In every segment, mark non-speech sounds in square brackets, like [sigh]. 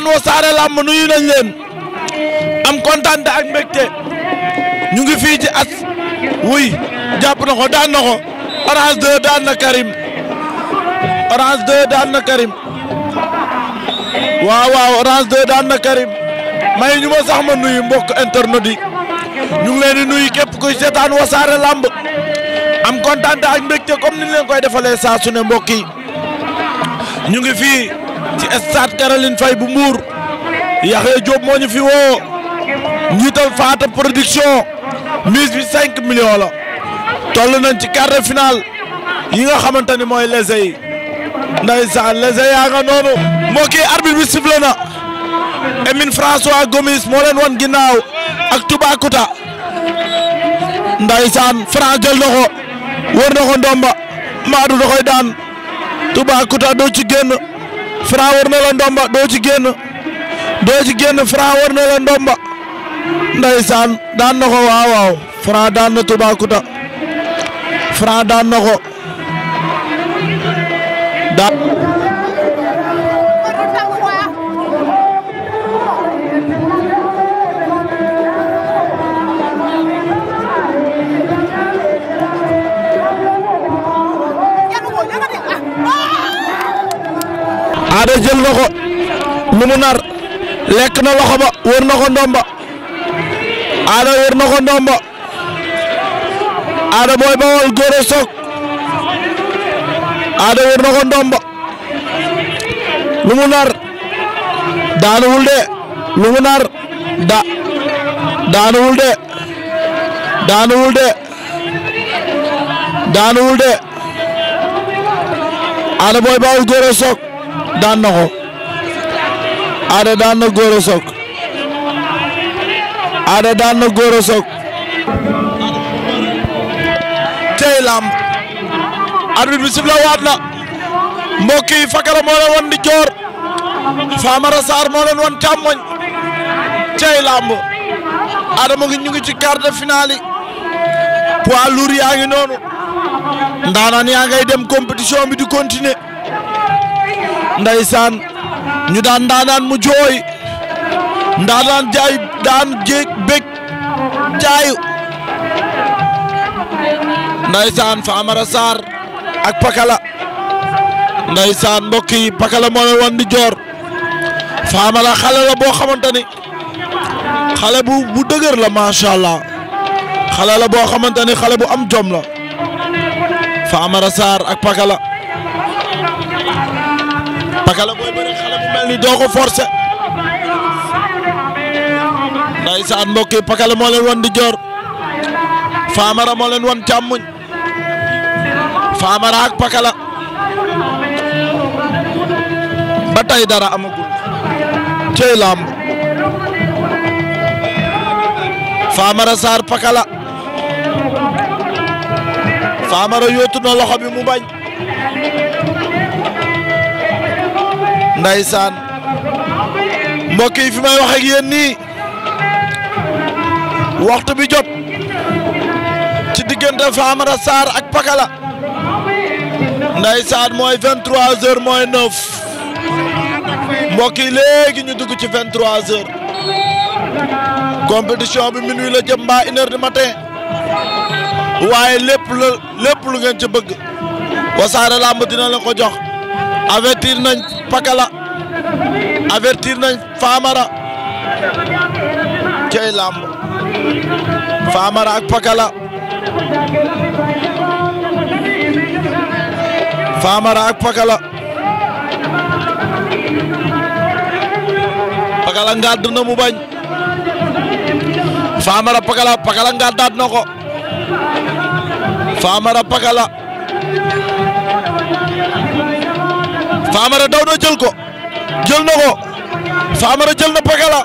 ndaysaan Wassare Lamb nuyu nañ leen am kontaan ak mbégte ñu ngi fii ci as wuy jàpp na ko daan na ko Orange 2 daan na Karim Orange 2 daan na Karim waaw waaw Orange 2 daan na Karim may ñu ma sax ma nuyu mbokk internet yi ñu ngi leen nuyu képp kuy seetaan Wassare Lamb am kontaan ak mbégte comme ni leen koy defale saa su ne mbokk ñu ngi fi ci stade Caroline Faye bu Mbour Yaxya Diop moo fi woo njiital Faata production mise bi cinq millions la toll nañ ci quart de yi nga xamante ni mooy lese yi ndeysaan lese yaa nga noonu mbokk yi arbitre bi sifflé na Emine François Gomis moo leen wan ginnaaw ak Toubacouta ndeysaan France jël na wër na ko ndomba Maadou da koy daan Toubacouta doo ci génn Franc war na la ndomba doo ci génn doo ci génn Franc war na la ndomba daan na ko waaw waaw Franc daan na Toubacouta Franc daan na ko jël na ko nar lekk na loxo wër na ko ndomba Ada wër na ko ndomba Ada Boy Baol Gora Sock Ada wër na ndomba lu mu nar daanuwul de lu nar da daanuwul de daanuwul de daanuwul de Ada Boy Baol Gora Sock daan na ko Ada daan na Gora Sock Ada daan na Gora Sock tey lamb arbitre bi sifla waat na mbokk yi Fakara moo wan di joor Famara Sarr moo leen wan càmmoñ tey lamb Adama ngi ñu ngi ci quart de finale yi poids lourd yaa ngi noonu ndaanaan ngay dem compétition bi di continuer ndeysaan ñu daan ndaanaan mu jooy ndaanaan jaay daan jéeg bég jaayu ndeysaan Famara Sarr ak Pakala ndeysaan mbokk yi Pakala moo leen wan di joor Famara xale la boo xamante ni xale bu bu dëgër la macha allah xale la boo xamante ni xale bu am jom la Famara Sarr ak Pakala pakala booy bëri xale mel ni doo ko forcer ndaysaan mbokk pakala moo leen wan di joor faamara moo leen wan càmmuñ faamara ak pakala ba tey dara amagul cey làmb faamara saar pakala faamara yóotu na loxo bi mu bañ Ndeysaan mbokk yi fi may wax ak yéen nii waxtu bi jot ci diggante Famara Sarr ak Pakala Ndeysaan mooy 23h mooy 9 mbokk yi léegi ñu dugg ci 23h compétition bi minuit la jëm mbaa une heure matin waaye lépp la lépp lu ngeen ci bëgg Wassare Lamb dina la ko jox avertir nañ. pakala avertir nañ Famara cey làmb Famara ak pakala Famara ak pakala pakala ngàdd na mu bañ Famara pakala pakala ngàddaat na ko Famara Famara daw na jël ko jël na ko Famara jël na Pakala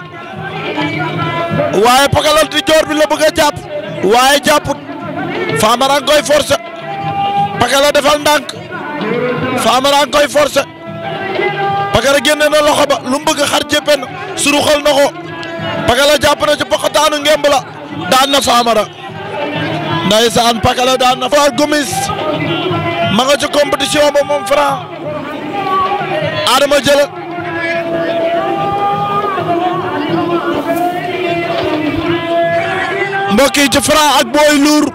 waaye Pakala di joor bi la bëgg jàpp waaye jàpput Famara nga koy forcer Pakala defal ndànk Famara nga koy forcer Pakala génne na loxo ba lu mu xar jéppee suruxal na ko Pakala jàpp na ci poqataanu ngemb daan na Famara ndaysaan Pakala daan na Franc Gomis ma nga ci compétition ba moom Franc Adama jëla mbokk yi ci Franc ak Boy Lour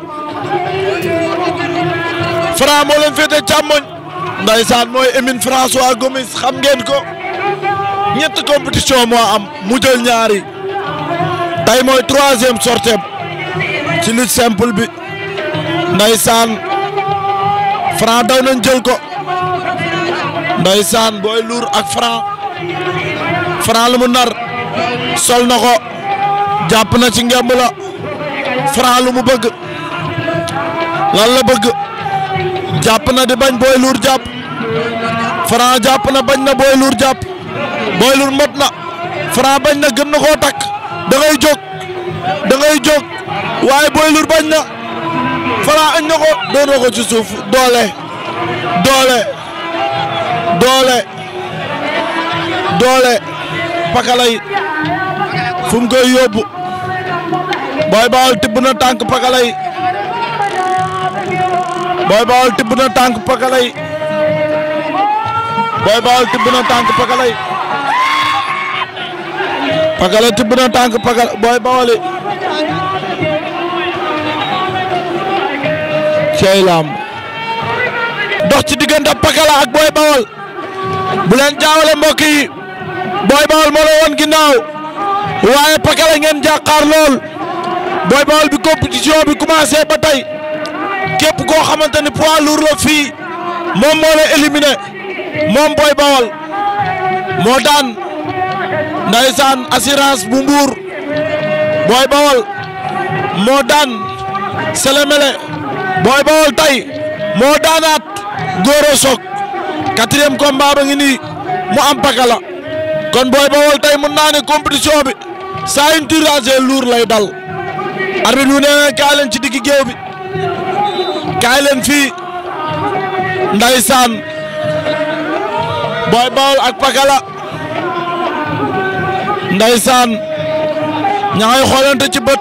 Franc moo leen féete càmmoñ ndaysaan mooy Émine François Gomis xam ngeen ko ñett compétition moo am mu jël ñaari tey mooy troisième sortie ci lutte simple bi ndaysaan Franc daw nañ jël ko ndeysaan booy luur ak franc franc lu mu nar sol na ko jàpp na ci ngemb la franc lu mu bëgg lan bëgg jàpp na di bañ booy luur jàpp franc jàpp na bañ na booy luur jàpp booy luur mot na franc bañ na gën na koo takk da jóg da jóg waaye booy luur bañ na franc añ na ko doon na ko ci suuf doole doole doole doole pakalay fu yóbbu booy bawal tibb na tànk pakalay booy bawal tibb na tànk pakalay booy tibb na tànk pakalay booy bawali cey dox ci diggante pakala ak booy bawal bu leen jaawale mbokk yi Boy moo la woon ginnaaw waaye pakala ngeen jàkkaar lool Boy Baol bi compétition bi commencé ba tey képp koo xamante ni poids lourd la fii moom moo la éliminé moom Boy Baol moo daan ndaysaan assurance bu mbuur Boy moo daan selemele Boy Baol tey moo daanaat góor soog quatrième combat ba ngi nii mu am pakala kon booy bawol tey mën naa ne compétition bi saa yu ñu lay dal. arbitre bi nee kaay leen ci digg géew bi kaay leen fii ndaysaan booy bawol ak pakala ndaysaan ña ngay xoolante ci bët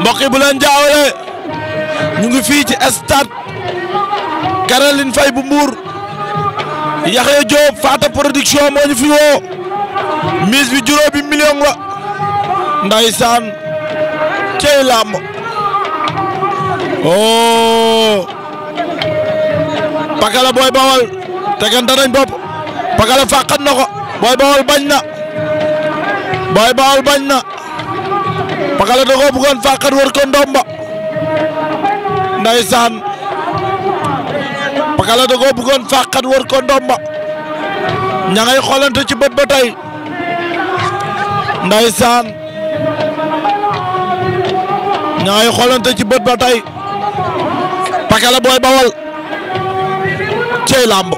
mbokk yi bu leen jaawale ñu ngi fii ci stade. Caroline Faye bu Mbour Yaxya Diop Faata production moo fi woo mise bi juróomi million la ndaysaan cey làmb oh Pakala Boy Bawol tegante nañ bopp Pakala fàqat na ko Boy Bawol bañ na Boy Bawol bañ na Pakala da koo bëggoon fàqat wër ko ndomba ndaysaan pakala da koo bëggoon fàqat war ko ndomba ña ngay xoolante ci bët ba tey ndaysaan ña ngay xoolante ci bët ba tey pakala booy bawal cey làmb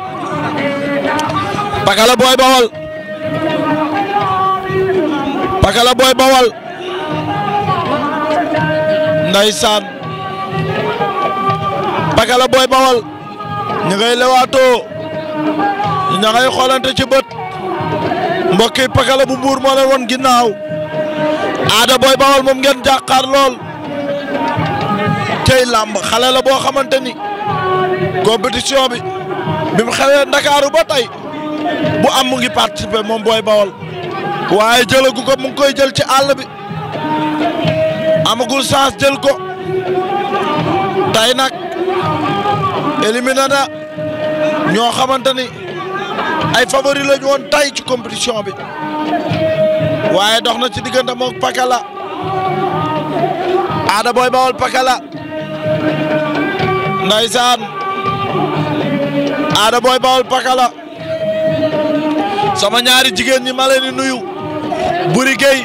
pakala booy bawal pakala booy bawal ndaysaan pakala booy bawal ñu ngay lewaatoo ña ci bët mbokk pakala bu mbuur moo leen woon ginnaaw aada booy bawal moom ngeen jàkkaar lool tey làmb xale la boo xamante ni compétition bi bi mu xewee ndakaaru ba tey bu am mu ngi participer moom booy bawal waaye jëlagu ko mu koy jël ci àll bi amagul chance jël ko tey nag éliminé ñoo xamante ni ay favori lañu woon tay ci compétition bi waaye dox na ci diggante mook Pakala Ada booy Baol Pakala ndaysaan Ada Boy Baol Pakala sama ñaari jigéen ñi ma leen di nuyu Buri Gueye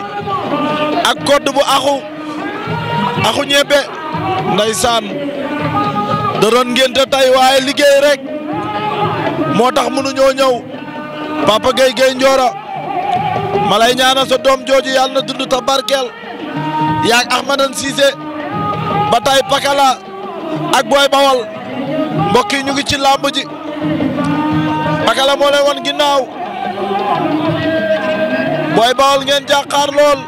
ak code bu axu axu ñebe ndaysaan da doon ngénte tay waaye liggéey rek moo tax mënuñoo ñëw Papa Gueye Gueye Ndiora ma lay ñaanal jooju yàlla na dund ta barkeel yaag Ahmadan Cissé ba tay Pakala ak Boy Bawal mbokk ñu ngi ci làmb ji Pakala moo leen wan ginnaaw Boy Bawal ngeen jàkkaar lool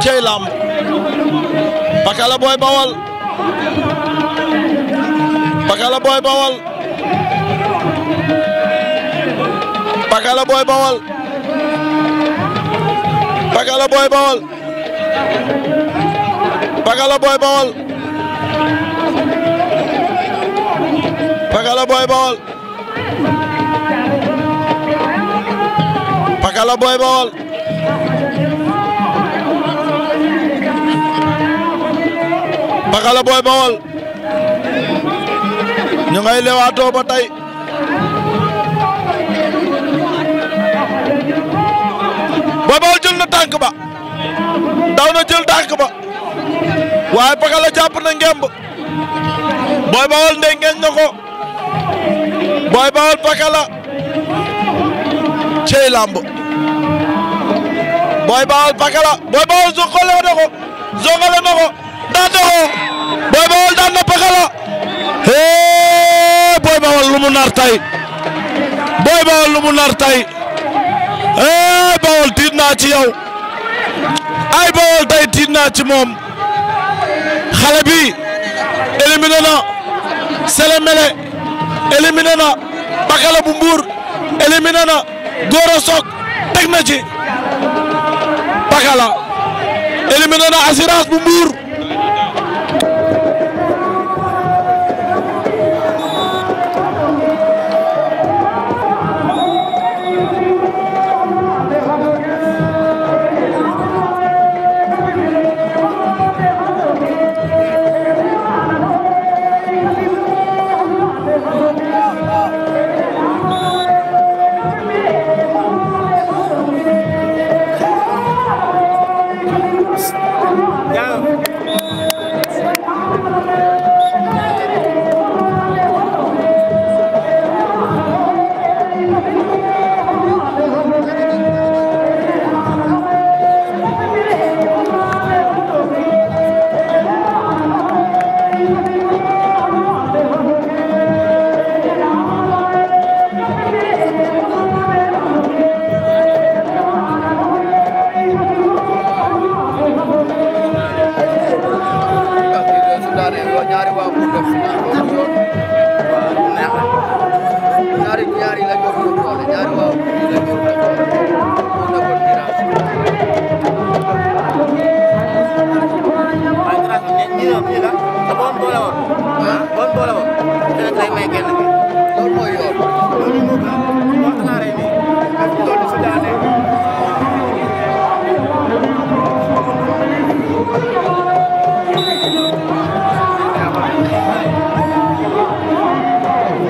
cey làmb Pakala Boy Bawal Pakala Boy Bawal Pakala Boy Bawol Pakala Boy Bawol Pakala Boy Bawol ñu ngay lewaatoo ba tey Boy Baol jël na tànk ba daw na jël tànk ba waaye Pakala jàpp na ngemb Boy Baol ndengeñ na ko Boy Baol Pakala cey làmb Boy Baol Pakala Boy Baol zongale na ko zongale na ko daan na ko Boy Baol daan na Pakala hee Boy Bawol lu mu nar tey Boy Bawol lu mu nar tey eh Bawol tiit naa ci yow ay Bawol tey tiit naa ci moom xale bi éliminé na Sele Mele éliminé na Bakala bu Mbuur éliminé na Goro Sok teg na ci Bakala éliminé na Assurance bu Mbuur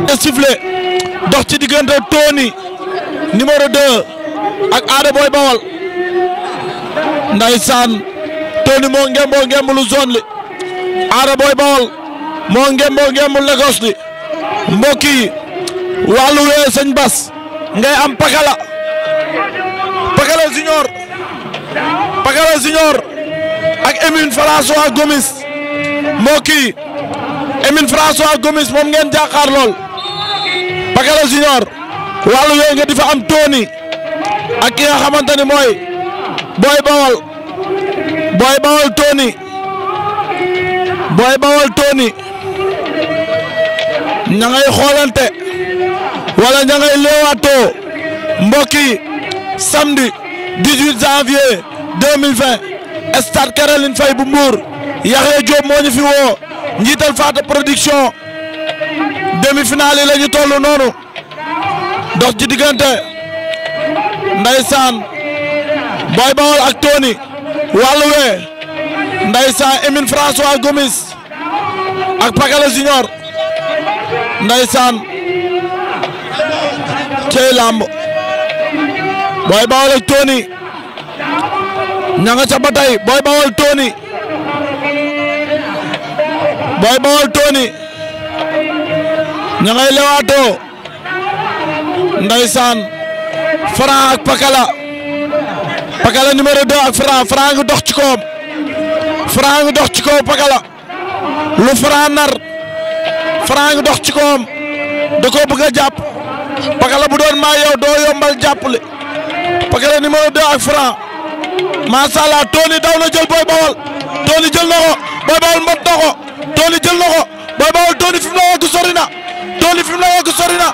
de sifflet dox ci diggante Tony numéro 2 ak Ada Boy Bawal ndaysaan Tony moo ngemboo ngembulu zone li Ada Boy Bawal moo ngemboo ngembul Lagos li mbokk yi wàllu Bas ngay am pakala pakala junior pakala junior ak Emine François Gomis mbokk yi Emine François Gomis moom ngeen jàkkaar lool Pakala Junior wàllu yooyu nga fa am Tony ak ki nga xamante ni mooy Boy Bawol Boy Bawol Tony Boy Bawol Tony ña ngay xoolante wala ña ngay leewaatoo mbokk yi samedi 18 janvier 2020 stade Caroline Faye bu Mbour Yaxya Diop moo fi woo njiital Faata production. demi-finale yi ñu toll noonu dox ci diggante Ndaysaan Boy Baol ak Tony wàllu wee Ndaysaan Emine François Gomis ak Pakala Junior Ndaysaan cey làmb Boy Baol ak Tony ña nga ca ba tey Boy Baol Tony ña ngay lewaatoo ndeysaan Franc ak Pakala Pakala numéro 2 ak Franc Franc ngi dox ci Franc ngi dox ci kaw Pakala lu Franc nar Franc ngi dox ci kawam da bëgg jàpp Pakala bu doon maa yow doo yombal jàppale Pakala numéro 2 ak Franc macha allah Tony jël Boy Bawol Tony jël na Boy Bawol mbot na ko jël na Boy Bawol Tony fi mu ne sori Tony fi la yegg sori na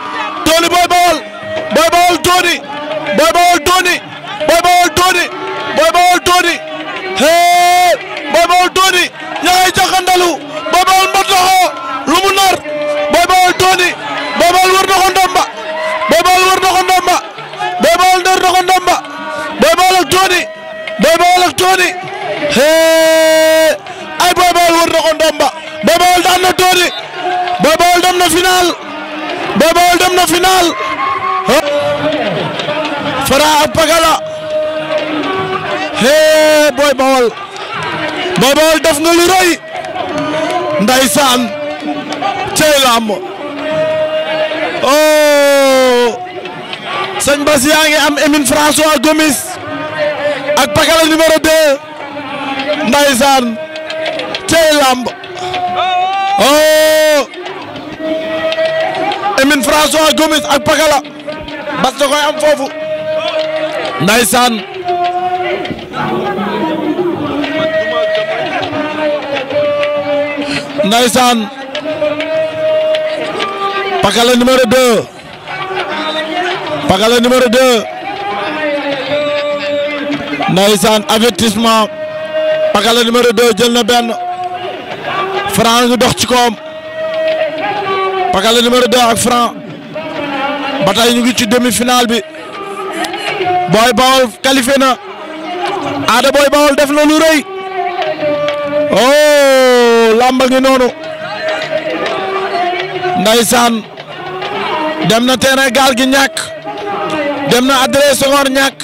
Tony Boy Baol Boy Baol Tony Boy Baol Tony Boy Baol hee Boy Baol Tony ña ngay jaxandalu Boy Baol mbot na ko lu mu nar Boy Baol Tony Boy Baol wër na ko ndomba Boy Baol wër na ko ndomba Boy Baol wër Boy Baol dem na final Boy Baol dem na final Fara ak hee Boy Baol Boy Baol def nga lu rëy ndeysaan cey làmb oh sëñ Bas yaa ngi am Emine Gomis ak Pakala numéro 2 ndeysaan cey làmb oh Lamine François Gomis ak Pakala bas da koy am foofu ndaysaan Pakala numéro 2 Pakala numéro 2 ndaysaan avertissement Pakala numéro 2 jël na benn Franc dox ci koom Pakala numéro 2 ak Franc ba ñu ngi ci demi-finale bi Boy Baol qualifié Ada Boy Baol def na lu rëy oh lamba ngi noonu ndaysaan dem na terrain gaal gi ñàkk dem na adresse Senghor ñàkk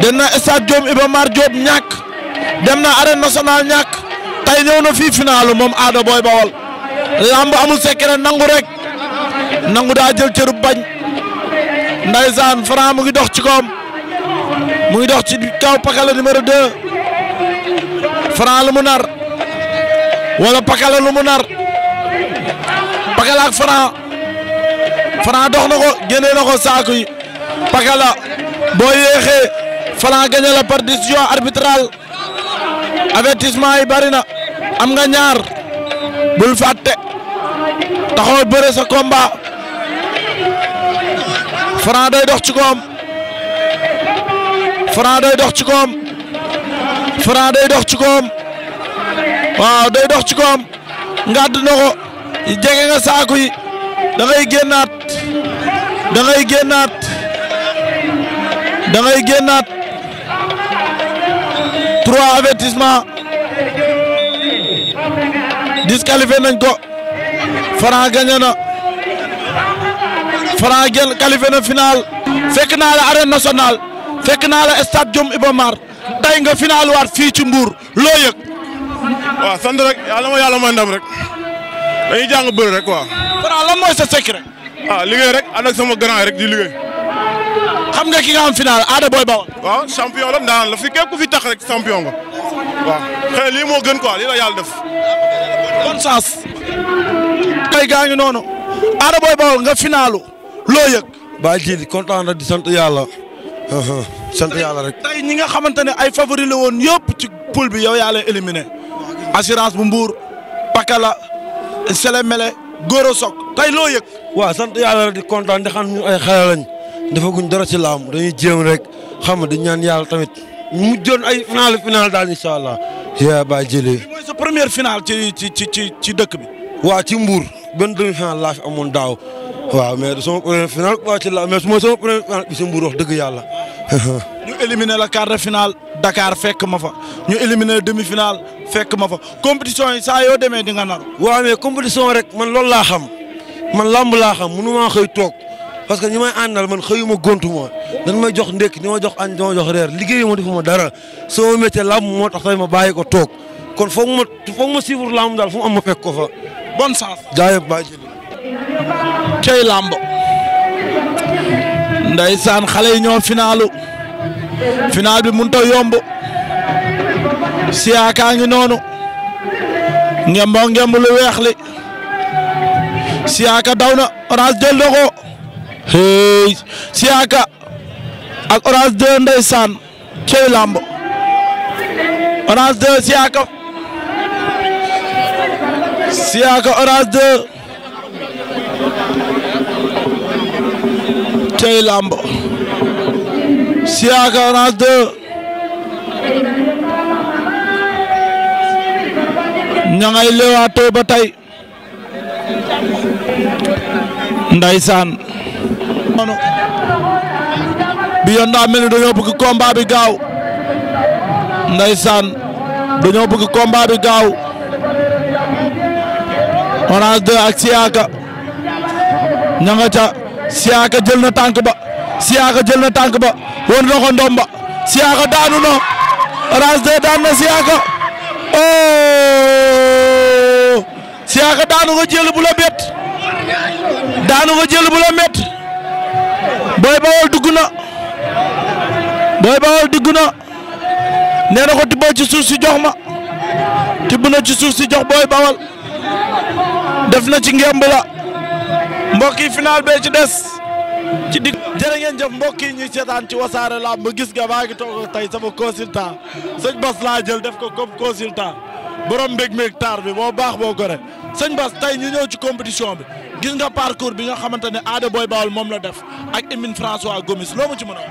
dem na stade Diop Iba Mar Diop dem na arène nationale ñàkk tey ñëw na finaalu moom Ada Boy Baol lamb amul secret nangu rek nangu daa jël cëru bañ ndaysaan Franc mu ngi dox ci koom mu ngi dox ci kaw pakala numéro 2 Franc lu mu nar wala pakala lu mu Franc Franc dox na ko génnee na ko saaku yi pakala boo yéexee Franc gagné par décision arbitrale avertissement yi bari na am nga ñaar bul fàtte taxawal bëre sa combat Franc doy dox ci koom Franc doy dox ci koom Franc doy dox ci koom waaw dox ci koom ngàdd na ko jege nga saaku yi da ngay génnaat da ngay génnaat trois avertissement disqualifié nañ ko Franc gagné na Franc gën qualifié fekk naa la arène nationale fekk naa la stade Jom Iba Mar nga final waat fii ci loo yëg. waaw sant rek yàlla ma yàlla may ndam rek dañuy jàng bëri rek waaw. Franc lan mooy sa secret. ah liggéey rek ànd ak sama grand rek di liggéey. xam nga ki nga am final Ada Boy Baol. waaw champion la ndaan la fi képp fi tax rek champion nga waaw xëy lii moo gën quoi lii la yàlla def. bonne chance tey gaa noonu Ada Boy Baol nga finaalu loo yëg baa jili kontaan na di sant yàlla sant yàlla rek tey ñi nga xamante ne ay favori la woon yëpp ci poule bi yow yaa leen éliminé assurance bu mbuur pakala selemele Goro Sock tey loo yëg waa sant yàlla rek di kontaan di xam ay xale lañ defaguñ dara ci laam dañuy jéem rek xam nga di ñaan yàlla tamit mu joon ay final final daal incha allah yaa ba jëlee. bii mooy ci ci ci ci ci dëkk bi. waa ci mbuur benn demi finale laa fi amoon daaw waaw mais sama première finale waa ci la mais mooy bi si Mbour wax dëgg yàlla. [laughs] ñu éliminé la quart de finale Dakar fekk ma fa ñu éliminé demi finale fekk ma fa compétition yi saa yoo demee di nga nar. waa mais compétition rek man loolu laa xam man làmb laa xam mënu maa xëy toog. parce que ñi may àndal man xëyuma gontu ma dañ may jox ndékk ñi ma jox añ ñi ma jox reer ma defuma dara sama métier làmb moo tax tey ma bàyyi ko toog kon foog ma foog ma suivre làmb daal fu ko fa. bonne chance. jaayëf bàyyi ci cey làmb. ndeysaan xale yi ñoo finaalu final bi mënut a yomb Siyaa noonu ngembo ngemb lu weex li Siyaa jël na ko hey Siaka ak Orange 2 ndeysaan cey lamb Orange 2 Siaka Siaka Orange 2 cey lamb Siaka Orange 2 ña ngay leewaatoo ba tey Ndeysaan. bi yoon daa mel ni dañoo bëgg combat bi gaaw. Ndeysaan dañoo bëgg combat bi gaaw. Orange 2 ak Siaka. ña nga ca jël na tànk ba. Siaka jël na tànk ba. won na ko ndomba. Siaka daanu na. Orange 2 daan na Siaka. oh Siaka daanu ko jël bu la daanu nga jël bu met Boy Baol dugg na Boy Baol dugg na nee na ko tibbal ci suuf si jox ma tibb na ci suuf si jox Boy Baol def na ci ngemb la mbokk yi final bee ci des ci digg jërë ngeen jëf mbokk yi ñuy seetaan ci wasaare làmb gis nga maa ngi toog tey sama consultant sëñ Bas laa jël def ko comme consultant borom mbég-mbég taar bi moo baax boo ko rek sëñ Bas tey ñu ñëw ci compétition bi. gis nga parcours bi nga xamante ne Ada Boy Baol moom la def ak Emine François Gomis loo mu ci mën a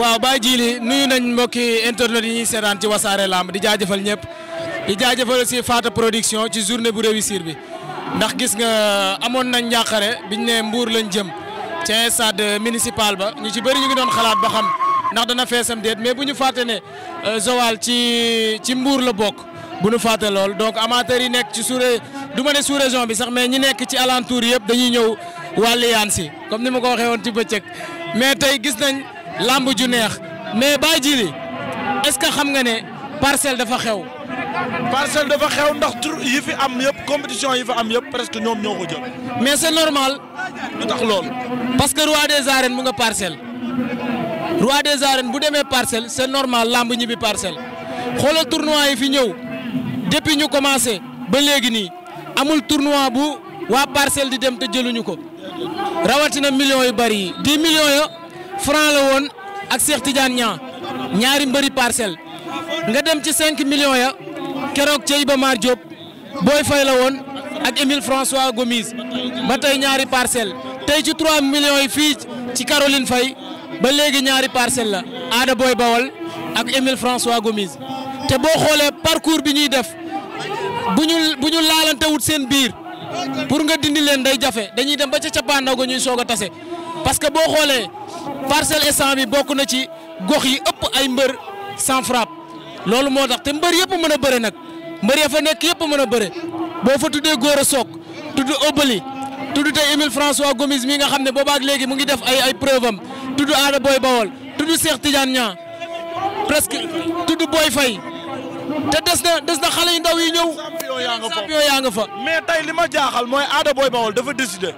waaw Baye Djili nuyu nañ mbokki internet yi ñuy seetaan ci wasaare lamb di jaajëfal ñëpp di jaajëfal aussi Faata production ci journée bu réussir bi ndax gis nga amoon nañ njàqare biñ ne mbuur lañ jëm ci stade municipal ba ñu ci bëri ñu ngi doon xalaat ba xam ndax dana feesam déet mais bu ñu fàtte ne euh, Joal ci ci mbuur la bokk bu ñu fàtte donc du ma ne sous région bi sax mais ñi nekk ci alentour yëpp dañuy ñëw wàlliyaan si comme ni ma ko waxee woon ci bëccëg mais tey gis nañ làmb ju neex mais baa jili est-ce que xam nga ne parcelle dafa xew. parcelle dafa xew ndax tur yi fi am yëpp compétition yi fi am yëpp presque ñoom ñoo ko jël. mais c'est normal. lu tax loolu. parce que roi des arènes mu nga parcelle. roi des arènes bu demee parcelle c'est normal làmb ñibbi parcelle xoolal tournoi yi fi ñëw depuis ñu commencé ba léegi nii. amul tournoi bu waa parcelle di dem te jëluñu ko rawatina millions yu bari yi 10 millions yo franc la woon ak Cheikh Tidiane ñaa ñaari mbëri parcelle nga dem ci cinq million ya keroog ca Iba Mar Diop booy fay la woon ak Émile François Gomis ba tey ñaari parcelle tey ci 3 millions yi fii ci Caroline fay ba léegi ñaari parcelle la Aada Boy Bawal ak Émile François Gomis te boo xoolee parcours bi ñuy def. bu ñu bu ñu laalantewut seen biir pour nga dindi leen day jafe dañuy dem ba ca cappaandaw ga ñuy soog a tase parce que boo xoolee Parcelles Assainies bi bokk na ci gox yi ëpp ay mbër sans frappe loolu moo tax te mbër yëpp mën a bëre nag mbër ya fa nekk yëpp mën a bëre boo fa tuddee Gora sook tudd Obali tudd tey Émile François Gomis mi nga xam ne boobaak léegi mu ngi def ay ay preuve tudd Aada Boy Bawol tudd Cheikh Tidiane Niang presque tudd Boy Faye te des na des na xale yu ndaw yi ñëw. champion yaa nga fa mais tey li ma jaaxal mooy Ada Boy Baol dafa décider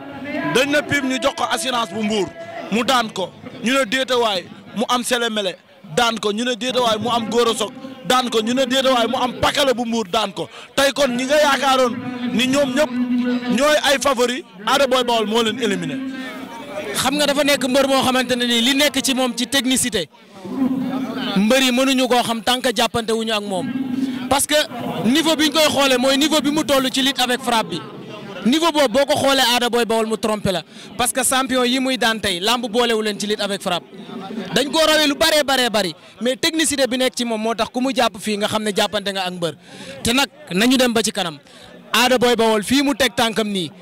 dañ na Pim ñu jox ko assurance bu mbuur mu daan ko ñu ne déetawaay mu am selemele daan ko ñu ne déetawaay mu am góor a soog daan ko ñu ne déetawaay mu am pakale bu mbuur daan ko tey kon ñi nga yaakaaroon ni ñoom ñëpp ñooy ay favori Ada Boy Baol moo leen éliminé. xam nga dafa nekk mbër moo xamante ne nii li nekk ci moom ci technicité. mbër yi mënuñu koo xam tant que jàppante ak moom parce que niveau bi ñu koy xoolee mooy niveau bi mu toll ci lutte avec frappe bi niveau boobu boo ko xoolee aada booy bawol mu trompé la parce que champion yi muy daan tey lamb boolewu leen ci lutte avec frappe dañ koo rawee lu bëree baree bari mais technicité bi nekk ci moom moo tax ku mu jàpp fii nga xam ne jàppante nga ak mbër te nag nañu dem ba ci kanam Ada Boy Bawol fii mu teg tànkam nii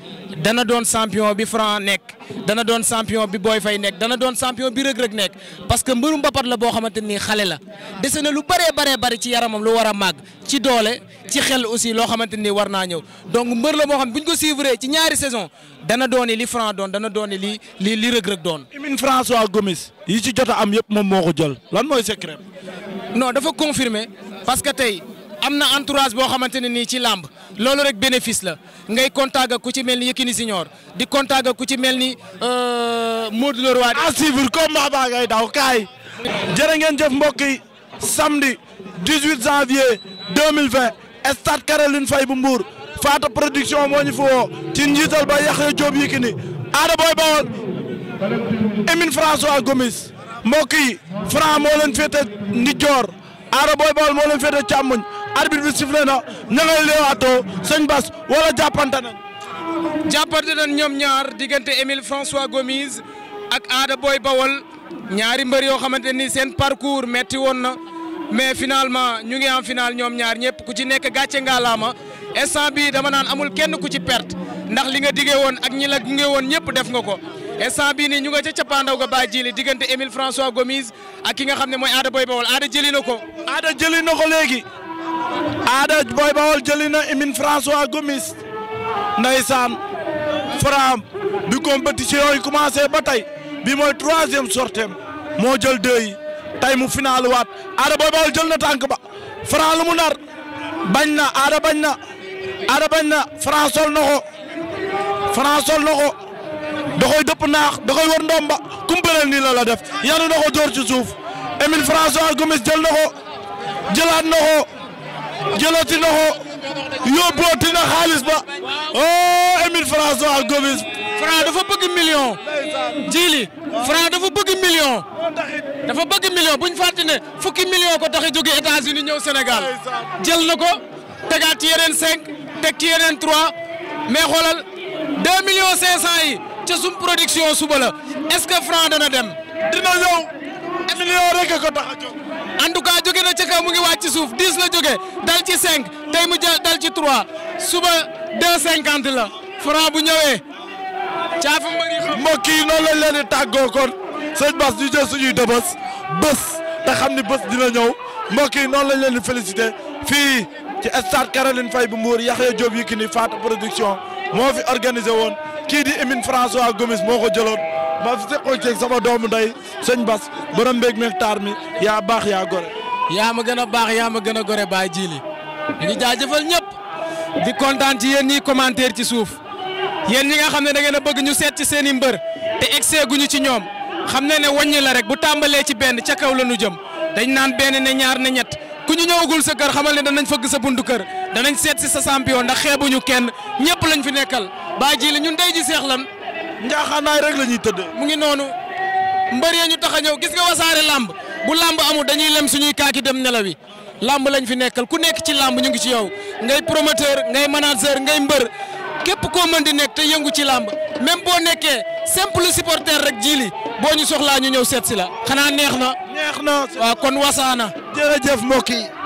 dana doon champion bi Franc nekk dana doon champion bi booy Faye nekk dana doon champion bi Reug Reug nekk parce que mbëru mbapat la boo xamante nii xale la dese na lu bëree baree bëri ci yaramam lu war a màgg ci doole ci xel aussi loo xamante nii war naa ñëw donc mbër la moo xam ne bu ñu ko suivre ci ñaari saison dana dooni li Franc doon dana dooni li li li Reug Reug doon. Emine Gomis yi ci jot a am yëpp moom moo ko jël lan am na entourage boo xamante ne nii ci làmb loolu rek bénéfice la ngay contact ak ku ci mel ni Yékini Senior di contact ak ku ci mel ni euh, Modou Lo Roi. à suivre combat baa ngay daw kaay. jërë ngeen jëf mbokk yi samedi 18 janvier 2020 stade Caroline Faye bu Mbour Faata production moo ñu woo ci njiital ba Yaxya Diop Yékini Ada Boy Baol Emine François Gomis mbokk yi moo leen féete ndijoor Ada Boy Baol moo leen féete càmmoñ. arbitre bi sifflé na ña ngay leewaatoo sëñ Bas wala jàppante nañ. ñoom ñaar diggante Émile François Gomis ak Aada Boy Bawol ñaari mbër yoo xamante ni seen parcours metti woon na mais finalement ñu ngi am final ñoom ñaar ñëpp ku ci nekk gàcce ngaalaama instant bi dama naan amul kenn ku ci perte ndax li nga diggee woon ak ñi la gunge woon ñëpp def nga ko. instant bii nii ñu nga ca cappaandaw ga bàyyi jili diggante Émile François Gomis ak ki nga xam ne mooy Aada Boy Bawol Aada jëli na ko. Ada Boy Baol jëli na Emine François Gomis ndeysaan Franc bi compétition yi commencé ba tey bi mooy troisième sortem moo jël deux yi mu final waat Ada Boy Baol jël na tànk ba Franc lu mu nar bañ na Ada bañ na Ada bañ na Franc sol na ko sol na ko dëpp naax da koy war ndomba kumpeleel nii la def yanu na ko door ci suuf Emile François jël na jëlaat na jëlati na ko yóbbooti na xaalis ba oh Emile Franc Joal Gomis Franc dafa bëgg million jiili Franc dafa bëgg million dafa bëgg million buñ fàtte ne fukki million ko tax a jóge États-Unis ñëw Sénégal jël na ko tegaat ci cinq teg ci yeneen trois mais xoolal deux millions cinq cent yi ca sum production suba la est-ce que Franc dana dem dina ñëw million rek ko tax a jóg en tout cas jóge na ca kaw mu ngi wàcc ci suuf 10 la jóge dal ci 5 tey mu jël dal ci 3 suba 2,50 la franc bu ñëwee caafu mbëri. mbokk yi noonu lañ leen di tàggoo kon sëñ Bass ñu jël suñuy dëbës bés te xam ni bés dina ñëw mbokk yi noonu lañ leen di félicité fii ci stade Caroline Faye bu ya Yaxya Diop Yékini Fatou production moo fi organisé woon kii di Emine François Gomis moo ko jëloon. ma seqoo ceeg sama doomu day sëñ Bas borom mbéeg meeg mi yaa baax yaa gore. yaa ma gën a baax yaa ma gën a gore baay jiili ñu ngi jaajëfal ñëpp di kontaan ci yéen ñiy commentaire ci suuf yéen ñi nga xam ne da ngeen bëgg ñu seet ci seen i mbër te egsee guñu ci ñoom xam ne ne wàññi la rek bu tàmbalee ci benn ca kaw la ñu jëm dañ naan benn ne ñaar ne ñett ku ñu ñëwagul sa kër xamal ne danañ fëgg sa buntu kër danañ seet si sa champion ndax xeebuñu kenn ñëpp lañ fi nekkal baay njaaxaanaay rek la ñuy tëdd mu ngi noonu mbër ya ñu tax a ñëw gis nga wasaare lamb bu làmb amul dañuy lem suñuy kaaki dem nelaw yi lamb lañ fi nekkal ku nekk ci làmb ñu ngi ci yow ngay promoteur ngay manager ngay mbër képp koo mën di nekk te yëngu ci làmb même boo nekkee simple supporter rek jiili boo ñu soxlaa ñu ñëw seet si la xanaa neex na. neex na waaw kon wasaana. jërëjëf mbokk yi